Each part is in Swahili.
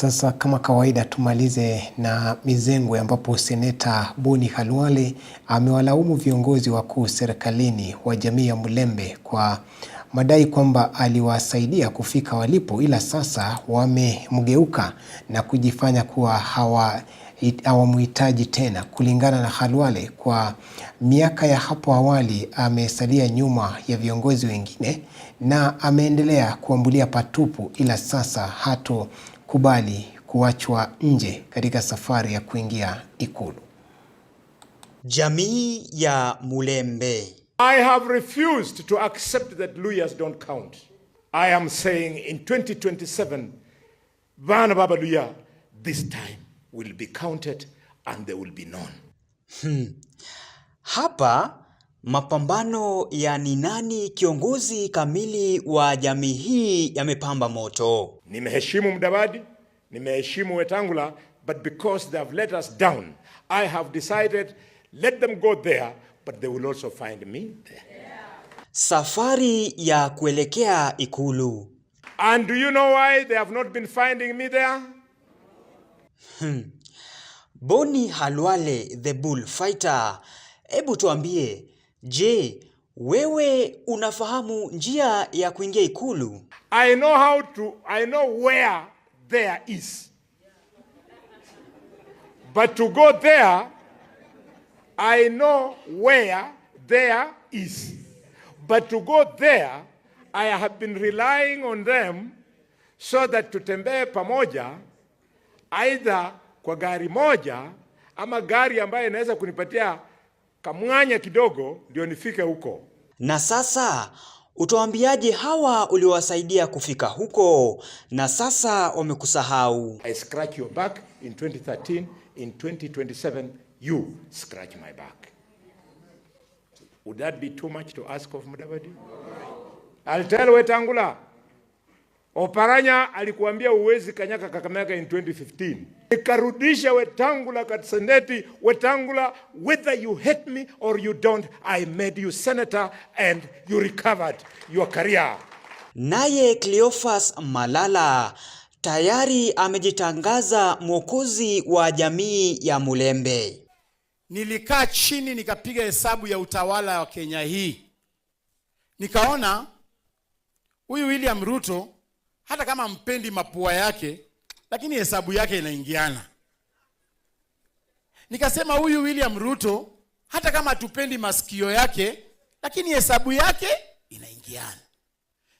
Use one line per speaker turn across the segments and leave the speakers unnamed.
Sasa kama kawaida tumalize na mizengwe ambapo seneta Boni Khalwale amewalaumu viongozi wakuu serikalini wa jamii ya Mulembe kwa madai kwamba aliwasaidia kufika walipo ila sasa wamemgeuka na kujifanya kuwa hawa hawamhitaji tena. Kulingana na Khalwale, kwa miaka ya hapo awali amesalia nyuma ya viongozi wengine na ameendelea kuambulia patupu, ila sasa hato kukubali kuachwa nje katika safari ya kuingia Ikulu.
Jamii ya Mulembe.
I have refused to accept that Luyas don't count. I am saying in 2027 vana Baba Luya this time will be counted and they will be known.
Hmm. Hapa Mapambano ya ni nani kiongozi kamili wa jamii hii yamepamba moto.
Nimeheshimu Mudavadi, nimeheshimu Wetangula, but because they have let us down, I have decided let them go there, but they will also find me there. Yeah.
Safari ya kuelekea Ikulu.
And do you know why they have not been finding me there?
Hmm. Boni Halwale the bullfighter, hebu tuambie Je, wewe unafahamu njia ya kuingia ikulu?
I know how to, I know where there is. But to go there, I know where there is. But to go there, I have been relying on them so that tutembee pamoja either kwa gari moja ama gari ambayo inaweza kunipatia kamwanya kidogo ndio nifike huko.
Na sasa utawaambiaje hawa uliowasaidia kufika huko na sasa wamekusahau?
I scratch your back in 2013, in 2027 you scratch my back. Would that be too much to ask of Mudavadi? I'll tell Wetangula. Oparanya alikuambia uwezi kanyaka Kakamega in 2015. Nikarudisha Wetangula kat Wetangula, whether you hate me or you don't, I made you senator and you recovered your career.
Naye Cleophas Malala tayari amejitangaza mwokozi wa jamii ya Mulembe.
Nilikaa chini nikapiga hesabu ya utawala wa Kenya hii, nikaona huyu William Ruto hata kama mpendi mapua yake, lakini hesabu yake inaingiana. Nikasema huyu William Ruto, hata kama tupendi masikio yake, lakini hesabu yake inaingiana.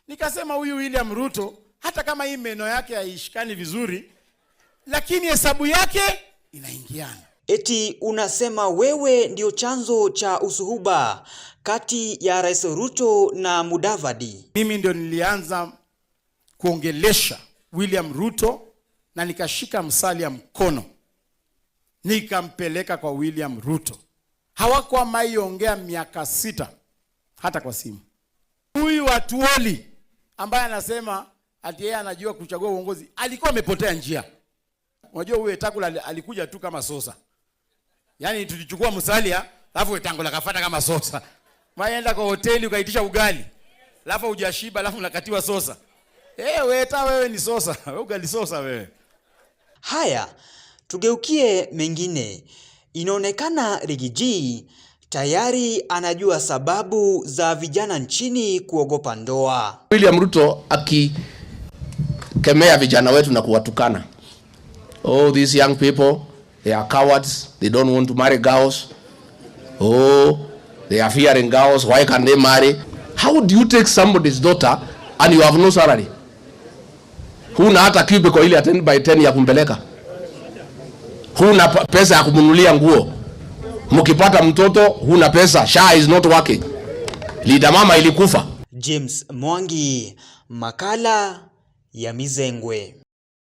Nikasema huyu William Ruto, hata kama hii meno yake haishikani vizuri, lakini hesabu yake inaingiana.
Eti unasema wewe ndio chanzo cha usuhuba kati ya Rais Ruto na Mudavadi?
Mimi ndio nilianza kuongelesha William Ruto na nikashika msali ya mkono nikampeleka kwa William Ruto. Hawakuwa maiongea miaka sita hata kwa simu. Huyu Atuoli ambaye anasema ati yeye anajua kuchagua uongozi alikuwa amepotea njia. Unajua huyu Wetangula alikuja tu kama sosa, yaani tulichukua msalia alafu Wetangula kafata kama sosa. Maenda kwa hoteli ukaitisha ugali alafu hujashiba alafu nakatiwa sosa. Eh, weta wewe ni sosa. Wewe sosa wewe.
Haya, tugeukie mengine. Inaonekana Rigiji tayari anajua sababu za vijana nchini kuogopa ndoa.
William Ruto akikemea vijana wetu na kuwatukana. Oh, these young people, they are cowards. They don't want to marry girls. Oh, they are fearing girls. Why can't they marry? How do you take somebody's daughter and you have no salary? Huna hata cube kwa ile 10 by 10 ya kumpeleka. Huna pesa ya kumnunulia nguo. Mkipata mtoto huna pesa, SHA is not working. Lida mama ilikufa.
James Mwangi, makala ya Mizengwe.